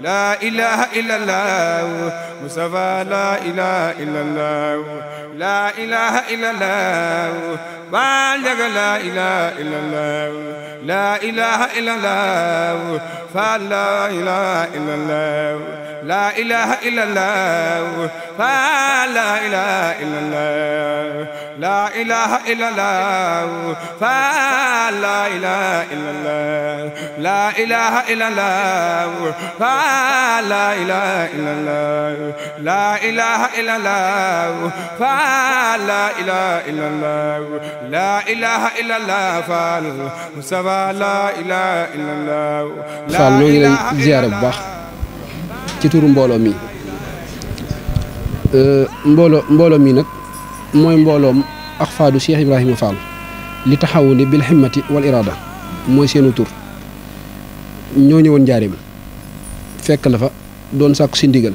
لا إله إلا الله مصطفى لا إله إلا الله لا إله إلا الله بالغ لا إله إلا الله لا إله إلا الله فلا إله إلا الله لا إله إلا الله فلا إله إلا الله لا إله إلا الله فلا إله إلا الله لا إله إلا الله فلا إله إلا الله لا إله إلا الله فلا إله إلا الله لا إله إلا الله فال مصطفى لا إله إلا الله فالو لي زيارة بخ ci turu mbooloo mi euh, mbooloo mbooloo mi nag mooy mbooloom ak faadu Cheikh Ibrahima Fall li taxawu ni bil himmati wal iraada mooy seenu tur ñoo ñëwoon njaareem fekk la fa doon sàkku si ndigal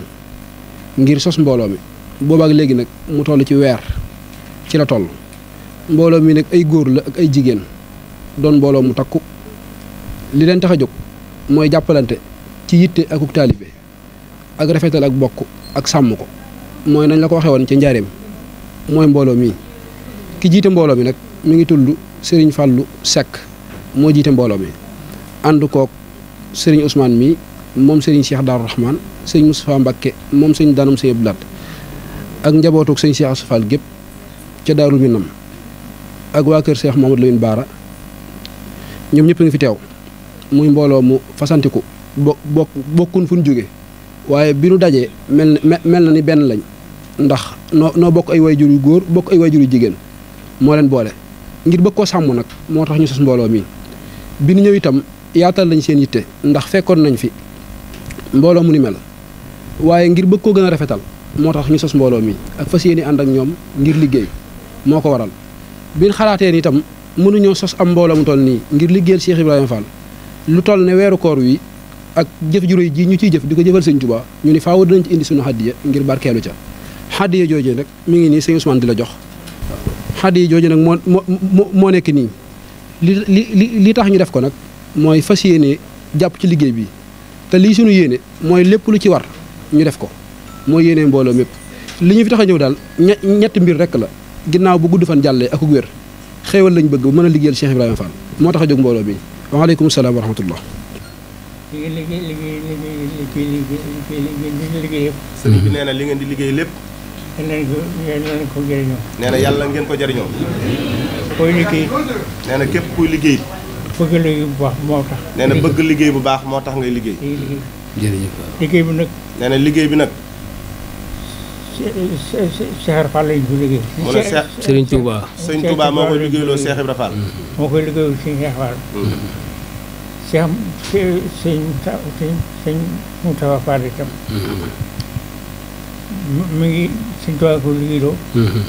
ngir sos mbooloo mi ak léegi nag mu toll ci weer ci la toll mbooloo mi nag ay góor la ak ay jigéen doon mbooloo mu takku li leen tax a jóg mooy jàppalante ci yitte akuk taalibe ak rafetal ak bokk ak sàmm ko mooy nañ la ko waxee woon ci njaareem mooy mbooloo mii ki jiite mbooloo mi nag mu ngi tudd Serigne Fallou Seck moo jiite mbooloo mi ànd kook Serigne Ousmane mii moom sëriñ Cheikh Darou Rahman Serigne Moustapha Mbacké moom Serigne Danam Serigne Blaat ak njabootuk Serigne Cheikh Asfal gépp ca Daarul Minam ak waa kër Cheikh Mamadou Lamine Baara ñoom ñëpp ngi fi teew muy mbooloo mu fasantiku bo bokkuñ fu ñu jóge waaye bi nu dajee mel mel na ni benn lañ ndax noo noo bokk ay wayjur yu góor bokk ay wayjur yu jigéen moo leen boole ngir bëgg koo sàmm nag moo tax ñu sos mbooloo mi bi nu ñëw itam yaatal lañ seen yitte ndax fekkoon nañu fi mbooloo mu ni mel waaye ngir bëgg koo gën a rafetal moo tax ñu sos mbooloo mi ak fas yéene ànd ak ñoom ngir liggéey moo ko waral biñ xalaatee ni itam mënuñoo sos am mbooloo mu toll nii ngir liggéeyal Cheikh Ibrahima Fall lu toll ne weeru koor wi ak jëf ju réy ji ñu ciy jëf di ko jëfal sëñ Tuubaa ñu ni faaw dinañ ci indi suñu xaddiya ngir barkeelu ca xaddiya jooju nag mu ngi nii sëñ Ousmane di la jox xaddiya jooju nag moo moo moo nekk nii li li li tax ñu def ko nag mooy fas yéene jàpp ci liggéey bi te lii suñu yéene mooy lépp lu ci war ñu def ko mooy yéene mbooloo mépp li ñu fi tax a ñëw daal ñetti mbir rekk la ginnaaw bu gudd fan jàllee ak wér xéewal lañ bëgg bu mën a liggéeyal Cheikh Ibrahima Fall moo tax a jóg bi waaleykum salaam wa liggéey liggéey liggéey liggéey liggéey liggéey liggéey yëpp. sëriñ bi nee na li ngeen di liggéey lépp. yal nañ ko yal nañ ko jëriñoo. nee na yàlla ngeen ko jëriñoo. koy liggéey. nee na képp kuy liggéey. bëgg liggéey bu baax moo tax. nee na bëgg liggéey bu baax moo tax ngay liggéey. jërëjëf liggéey bi nag. nee na liggéey bi nag. Seex Fall lañ ko liggéey. mu ne Seex Sëriñ Touba. Sëriñ Touba moo koy liggéeyloo Seex Ibra Fall. moo koy liggéeyul si Seex Fall. si am si si si Moustapha Fall itam mu ngi si doy ko liggéeyloo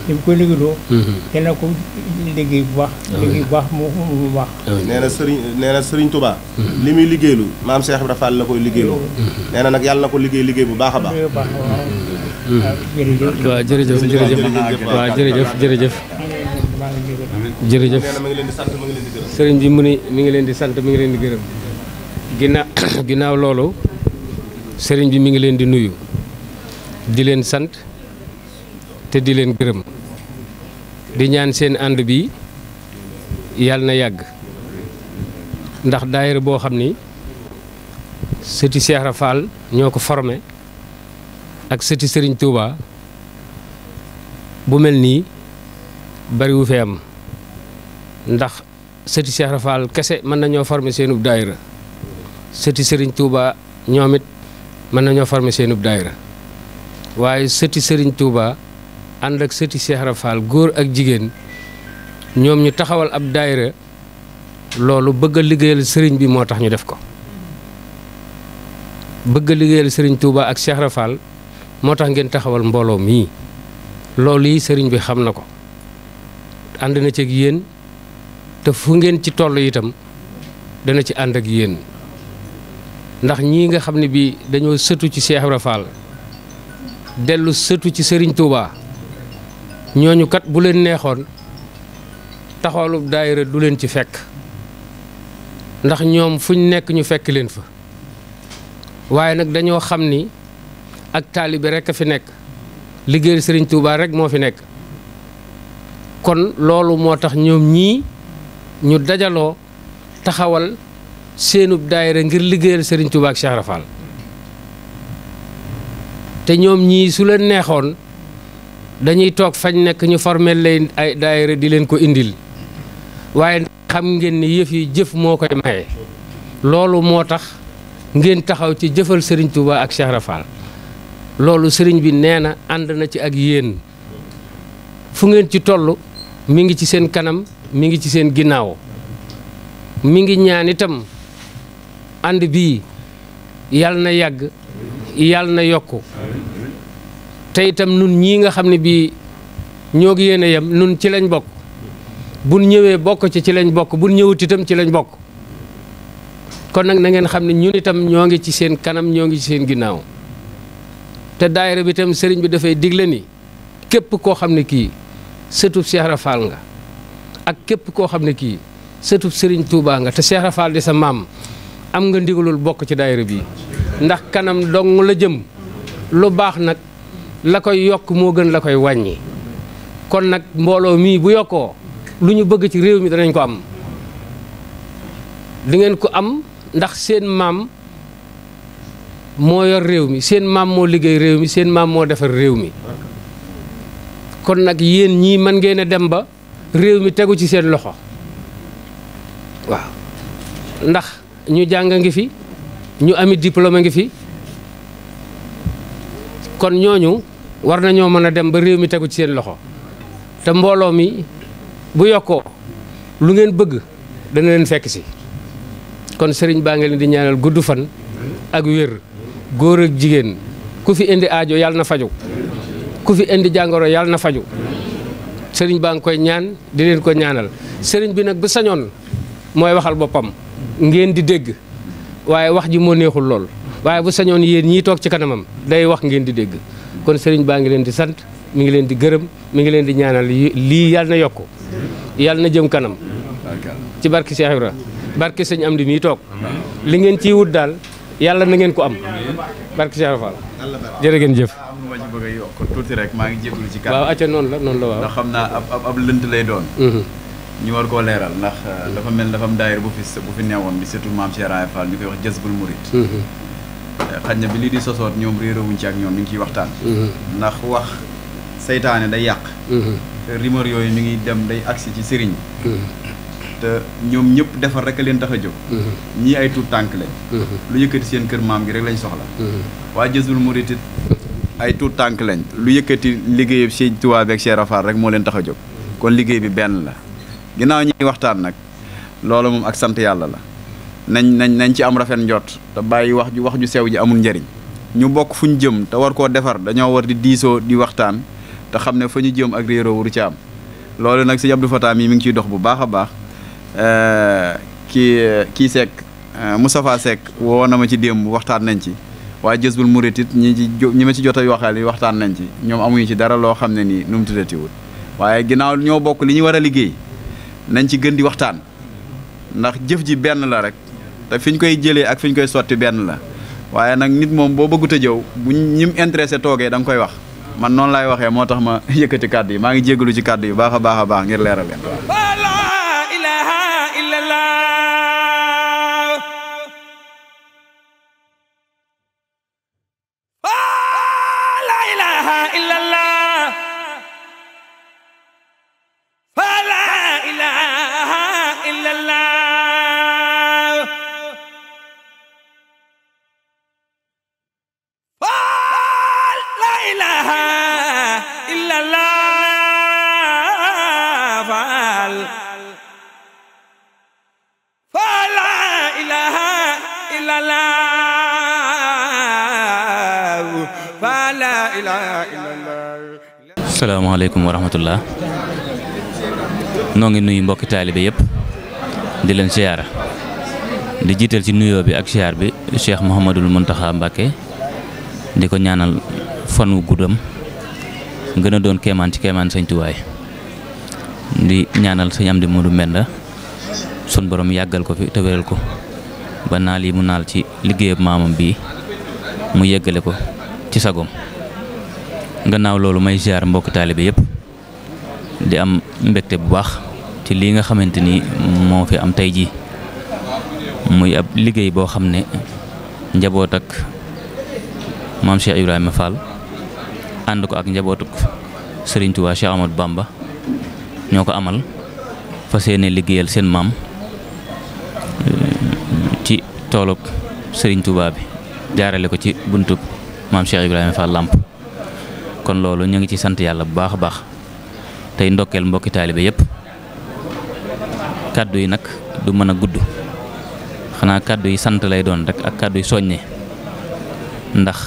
li mu koy liggéeyloo dana ko liggéey bu baax liggéey bu baax mu bu baax nee na sëriñ nee na sëriñ Touba li muy liggéeylu maam Cheikh Ibra Fall la koy liggéeyloo nee na nag yàlla na ko liggéey liggéey bu baax a baax ah, waaw jërëjëf jërëjëf waaw jërëjëf jërëjëf jërëjëf sëriñ bi mu ni mi ngi leen di sant mi ngi leen di gërëm ginnaaw loolu sëriñ bi mu ngi leen di nuyu di leen sant te di leen gërëm di ñaan seen ànd bi yàlla na yàgg ndax daayira boo xam ni sëti Cheikh Rafal ñoo ko forme ak sëti sëriñ Touba bu mel nii bariwu fi am ndax sëti Cheikh Rafal kese mën nañoo formé seenub daayira sëti sëriñ Touba ñoom it mën nañoo former seenub ub daayira waaye sëti sëriñ Touba ànd ak sëti Cheikh góor ak jigéen ñoom ñu taxawal ab daayira loolu bëgg a liggéeyal sëriñ bi moo tax ñu def ko bëgg a liggéeyal sëriñ Touba ak Cheikh moo tax ngeen taxawal mbooloo mii loolu yi sëriñ bi xam na ko ànd na ci ak yéen te fu ngeen ci tollu itam dana ci ànd ak yéen ndax ñii nga xam ne bii dañoo sëtu ci Cheikh Ibra dellu sëtu ci sëriñ Touba ñooñu kat bu leen neexoon taxawalub daayira du leen ci fekk ndax ñoom fuñ nekk ñu fekk leen fa waaye nag dañoo xam ni ak taalibe rek a fi nekk liggéeyal sëriñ Touba rekk moo fi nekk kon loolu moo tax ñoom ñii ñu dajaloo taxawal. seenub daayira ngir liggéeyal Serigne Touba ak Cheikh Rafal te ñoom ñii su leen neexoon dañuy toog fañ nekk ñu formel lay ay daayira di leen ko indil waaye xam ngeen ni yëf yi jëf moo koy maye loolu moo tax ngeen taxaw ci jëfal Serigne Touba ak Cheikh Rafal loolu sëriñ bi nee na ànd na ci ak yéen fu ngeen ci toll mi ngi ci seen kanam mi ngi ci seen ginnaaw mi ngi ñaan itam ànd bii yàll na yàgg yàll na yokk te itam nun ñii nga xam ne bii ñoo ngi yéen a yem nun ci lañ bokk bu ñëwee bokk ci ci lañ bokk buñ ñëwut itam ci lañ bokk kon nag na ngeen xam ne ñun itam ñoo ngi ci seen kanam ñoo ngi ci seen ginnaaw te daayira bi itam sëriñ bi dafay digle ni képp koo xam ne kii sëtub Cheikh nga ak képp koo xam ne kii sëtub sëriñ Touba nga te Cheikh di sa maam am nga ndigalul bokk ci daayira bi ndax kanam dong la jëm lu baax nag la koy yokk moo gën la koy wàññi kon nag mbooloo mii bu yokkoo lu ñu bëgg ci réew mi danañ ko am di ngeen ko am ndax seen maam moo yor réew mi seen maam moo liggéey réew mi seen maam moo defar réew mi kon nag yéen ñii mën ngeen a dem ba réew mi tegu ci seen loxo waaw ndax ñu jàng ngi fi ñu ami diplôme ngi fi kon ñooñu war nañoo mën a dem ba réew mi tegu ci seen loxo te mbooloo mi bu yokkoo lu ngeen bëgg dana leen fekk si kon sëriñ baa ngi leen di ñaanal gudd fan ak wér góor ak jigéen ku fi indi aajo yàlla na faju ku fi indi jàngoro yàlla na faju sëriñ baa ngi koy ñaan di leen ko ñaanal sëriñ bi nag bu sañoon mooy waxal boppam ngeen di dégg waaye wax ji moo neexul lool waaye bu sañoon yéen ñii toog ci kanamam day wax ngeen di dégg kon sëriñ baa ngi leen di sant mi ngi leen di gërëm mi ngi leen di ñaanal lii yàlla na yokk yàlla na jëm kanam ci barke Cheikh Ibra barke sëñ am di mii toog li ngeen ciy wut daal yàlla na ngeen ko am barke Cheikh Ibra Fall jërë ngeen jëf ma rek maa ngi jégalu ci kanam waaw noonu la noonu la waaw xam naa ab ab lay doon mhm. ñu war koo leeral ndax euh, mm-hmm. dafa mel dafa am daayir bu fi bu fi newoon di surtout maam Cheikh Raye ñu koy wax jazbul murid mm-hmm. euh, xaj na bi lii di sosoot ñoom réerewuñ ci ak ñoom ñu ngi ciy waxtaan mm-hmm. ndax wax seytaane day yàq rumeur yooyu mi ngi dem day aksi ci sëriñ te ñoom ñëpp defar rek a leen tax a jóg ñii ay tuut tànk lañ lu yëkkati seen kër maam gi rek lañ soxla waa jazbul murid it ay tuut tànk lañ lu yëkkati liggéeyab Sëriñ Tuubaa ak Cheikh Raye Fall moo leen tax a jóg kon liggéey bi benn la ginnaaw ñuy waxtaan nag loolu moom ak sant yàlla la nañ nañ nañ ci am rafet njot te bàyyi wax ju wax ju sew ji amul njariñ ñu bokk fu ñu jëm te war koo defar dañoo war di diisoo di waxtaan te xam ne fa ñu jëm ak réeroo wuru ci am loolu nag si Abdou Fatah mi mi ngi ciy dox bu baax a baax kii kii Seck Moustapha Seck woo na ma ci démb waxtaan nañ ci waaye Jazbul Murid it ñi ci ñi ma ci jot a waxal yi waxtaan nañ ci ñoom amuñu ci dara loo xam ne nii nu mu tuddatiwul waaye ginnaaw war a liggéey nañ ci gën di waxtaan ndax jëf ji benn la rek te fi ñu koy jëlee ak fi ñu koy sotti benn la waaye nag nit moom boo bëggute a jëw bu ñim intéressé toogee da nga koy wax man noonu laay waxee moo tax ma yëkkati kàdd yi maa ngi jégalu ci kàddu yi baax a baax a baax ngir leeral ilaha illallah salaamaaleykum wa ngi nuyu mbokki taalibe yépp di leen siyaara di jiital ci nuyoo bi ak siyaar bi Cheikh Mouhamadul Mountakha Mbacké di ko ñaanal fan wu guddam gën doon keemaan ci keemaan sëñ Tuwaay di ñaanal sëñ Amdi Modou Mbenda sun borom yàggal ko fi te wéral ko ba naal yi mu naal ci liggéeyab maamam bii mu yeggale ko ci sagom gannaaw loolu may ziar mbokki taalibe yëpp di am mbégte bu baax ci lii nga xamante ni moo fi am tey jii muy ab liggéey boo xam ne njaboot ak maam Cheikh Ibrahima Fall ànd ko ak njabootuk Serigne Touba Cheikh Amadou Bamba ñoo ko amal fa yéene liggéeyal seen maam eh, ci toolub sëriñ Touba bi jaarale ko ci buntub maam Cheikh Ibrahima Fall làmp kon loolu ñu ngi ci sant yàlla bu baax a baax tey ndokkeel mbokki taalibe yépp kàddu yi nag du mën a gudd xanaa kàddu yi sant lay doon rek ak kàddu yi soññe ndax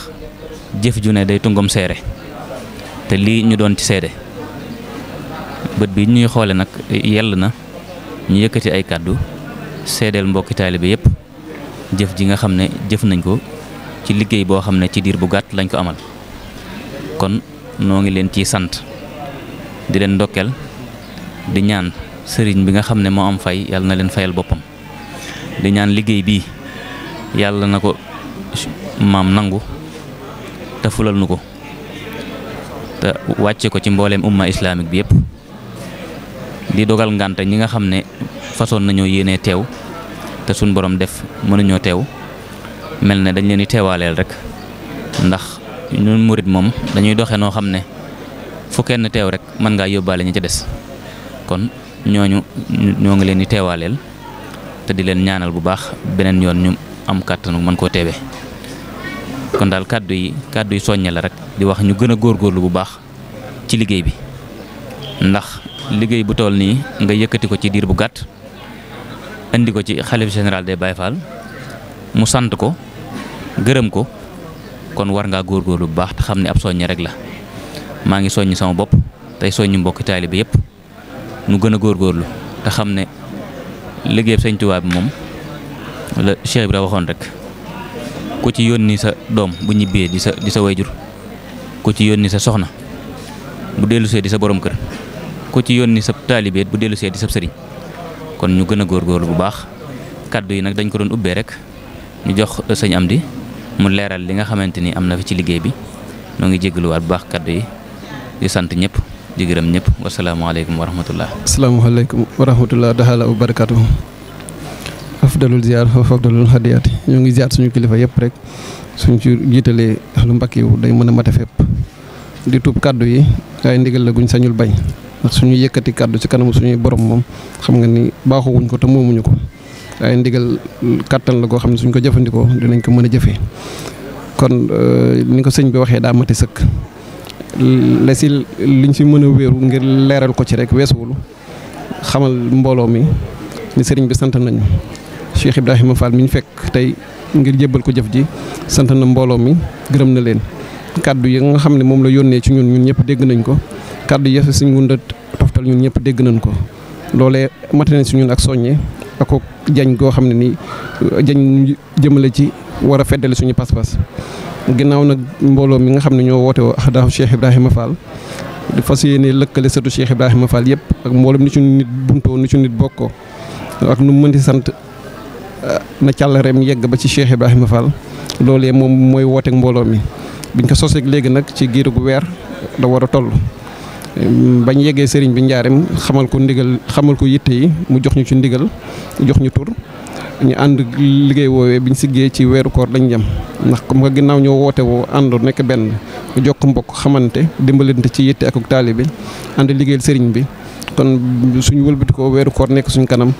jëf ju ne day tungom seere te lii ñu doon ci seede bët bi ñuy xoole nag yell na ñu yëkkati ay kàddu seedeel mbokki taalibe yépp jëf ji nga xam ne jëf nañ ko ci liggéey boo xam ne ci diir bu gàtt lañ ko amal kon noo ngi leen ciy sant di leen ndokkeel di ñaan sëriñ bi nga xam ne moo am fay yàlla na leen fayal boppam di ñaan liggéey bi yàlla na ko maam nangu te nu ko te wàcce ko ci mbooleem umma islamique bi yépp di dogal ngante ñi nga xam ne façon nañoo yéenee teew te suñ boroom def mënuñoo teew mel ne dañ leen di teewaaleel rek ndax ñun murit moom dañuy doxee noo xam ne fu kenn teew rek mën ngaa yóbbaale ñi ci des kon ñooñu ñoo ngi leen di teewaaleel te di leen ñaanal bu baax beneen yoon ñu am kàttanu mën koo teewee kon daal kàddu yi kàddu yi soññe la rek di wax ñu gën a góorlu bu baax ci liggéey bi ndax liggéey bu tool nii nga yëkkati ko ci diir bu gàtt indi ko ci xalif général de Baye Fall mu sant ko gërëm ko kon war ngaa góor góorlu bu baax te xam ne ab soññi rek la maa ngi soññ sama bopp tey soññi mbokki taalibe yëpp nu gën a góorlu te xam ne liggéey sëñ bi moom la Cheikh Ibra waxoon rek ku ci yónni sa doom bu ñibbee di sa di sa wayjur ku ci yónni sa soxna bu dellusee di sa borom kër ku ci yónni sa taalibe bu dellusee di sa sëriñ kon ñu gën a góorgóorlu bu baax kàddu yi nag dañ ko doon ubbee rek ñu jox sëñ di mu leeral li nga xamante ni am na fi ci liggéey bi noo ngi jégaluwaat bu baax kaddu yi di sant ñëpp di gërëm ñëpp wasalaamaaleykum wa rahmatullah. asalaamaaleykum wa rahmatullah taala wa barakatuhu afdalul ziar wa ñoo ngi jaar suñu kilifa yëpp rek suñu ci jiitalee alu mbakk yi day mën a mate fépp di tuub kaddu yi ay ndigal la guñ sañul bañ suñu yëkkati kàddu ci kanamu suñuy borom moom xam nga ni baaxuwuñ ko te moomuñu ko ay ndigal kàttan la goo xam ne suñ ko jëfandikoo dinañ ko mën a jëfee kon euh, ni ko sëñ bi waxee daa mati sëkk la si liñ si mën a wéeru ngir leeral ko ci rek weesuwul xamal mbooloo mi ni sëriñ bi sant nañu Cheikh Ibrahima Fall mi ñu fekk tey ngir jébbal ko jëf ji sant na mbooloo mi gërëm na leen kàddu yi nga xam ne moom la yónnee ci ñun ñun ñëpp dégg nañ ko kàddu yi suñ ngunda toftal ñun ñëpp dégg nañ ko loolee mate na si ñun ak soññe ako jañ goo xam ne nii jañ jëmale ci war a feddali suñu pas-pas ginnaaw nag mbooloo mi nga xam ne ñoo woote woo Ahdaafu Cheikh Ibrahima Fall di fas yéene lëkkale sëtu Cheikh Ibrahima Fall yëpp ak mbooloo ni ci nit buntoo ni ci nit bokkoo ak nu mu mën di sant eh, na càllareem yegg ba ci Cheikh Ibrahima Fall loolee moom mooy wooteek mbooloo mi biñ ko soseeg léegi nag ci giiru gu weer da war a toll. bañ yeggee sëriñ bi njaareem xamal ko ndigal xamal ko yitte yi mu jox ñu ci ndigal jox ñu tur ñu ànd liggéey woowee biñ siggee ci weeru koor lañ jëm ndax comme que ginnaaw ñoo woote woo ànd nekk benn jokk mbokk xamante dimbalante ci yitte ak taalibe ànd liggéeyal sëriñ bi kon suñu wëlbati ko weeru koor nekk suñ kanam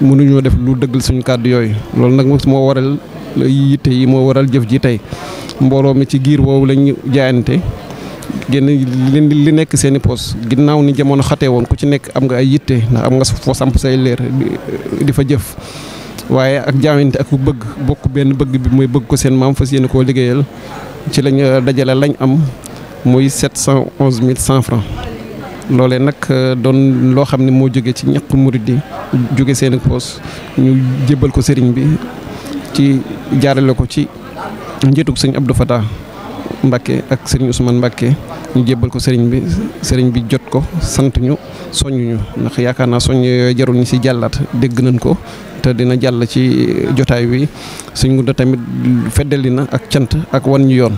mënuñoo def lu dëggal suñu kàddu yooyu loolu nag moo waral yitte yi moo waral jëf ji tey mbooloo mi ci giir woowu lañ jaayante génn li nekk seen i poos ginnaaw ni jamono xatee woon ku ci nekk am nga ay yitte ndax am nga foo samp say leer di fa jëf waaye ak jaawante ak bëgg bokk benn bëgg bi mooy bëgg ko seen maam fa yéene koo liggéeyal ci lañ euh, dajale lañ am muy sept cent onze mille cent francs loolee nag euh, doon loo xam ne moo jóge ci ñaq murid di jóge seeni poos ñu jébbal ko sëriñ bi ci jaarale ko ci njiitug sëñ Abdou Fatah Mbacke ak sëriñ Ousmane Mbacke ñu jébbal ko sëriñ bi sëriñ bi jot ko sant ñu soññu ñu ndax yaakaar naa soññ yooyu jarul si jàllaat dégg nañ ko te dina jàll ci jotaay wi suñ gudda tamit feddali na ak cant ak wan ñu yoon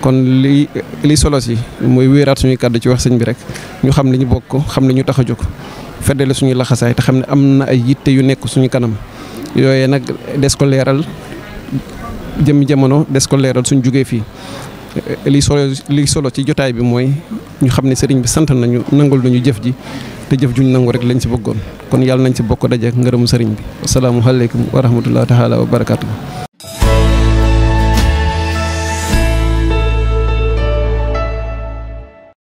kon li li solo si mooy wéeraat suñuy kàddu ci wax sëñ bi rek ñu xam li ñu bokk xam li ñu tax a jóg feddali suñuy laxasaay te xam ne am na ay yitte yu nekk suñu kanam yooyee nag des ko leeral jëm jamono des ko leeral suñ jugee fii li solo solo ci jotaay bi mooy ñu xam ne sëriñ bi sant nañu nangul nañu jëf ji te jëf juñ nangu rek lañ si bëggoon kon yàlla nañ si bokk dajeek ngërëmu sëriñ bi asalaamu aleykum wa rahmatullahi taala wa